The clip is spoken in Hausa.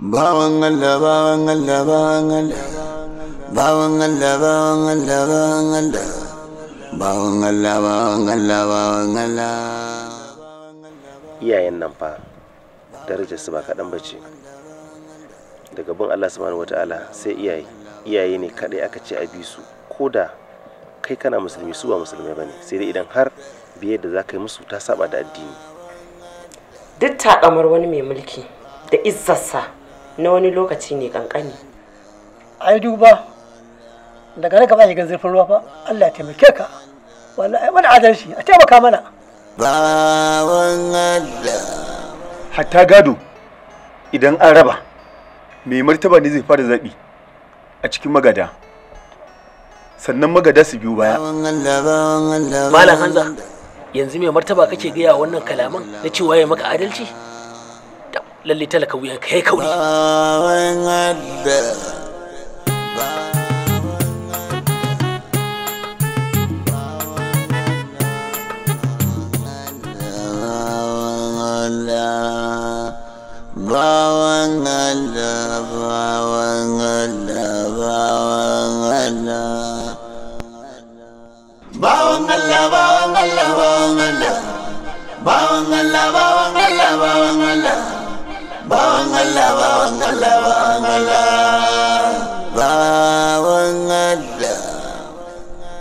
bawan bawan bawan bawan bawan iyayen nan fa daraja su ba kaɗan bace daga bin Allah subhanahu wataala sai iyaye iyaye ne kaɗai aka ce a bi su ko da kai kana musulmi su ba musulmai bane sai dai idan har biye da za ka yi musu ta saba da addini duk kamar wani mai mulki da izzarsa na wani lokaci ne kankani ai duba daga nan gaba shiga zurfin ruwa fa Allah ya taimake ka wallahi mun adalci a taimaka mana bawan Allah hatta gado idan an raba mai martaba ne zai fara zabi a cikin magada sannan magada su biyu baya malam hanza yanzu mai martaba kake gaya wannan kalaman na cewa ya maka adalci للي تلك وياك هيك Bawang kauri Bawan Allah, Bawang Allah, Bawang Allah. Bawang Allah, Bawang Allah, Bawang Allah. Bawan Allah, bawan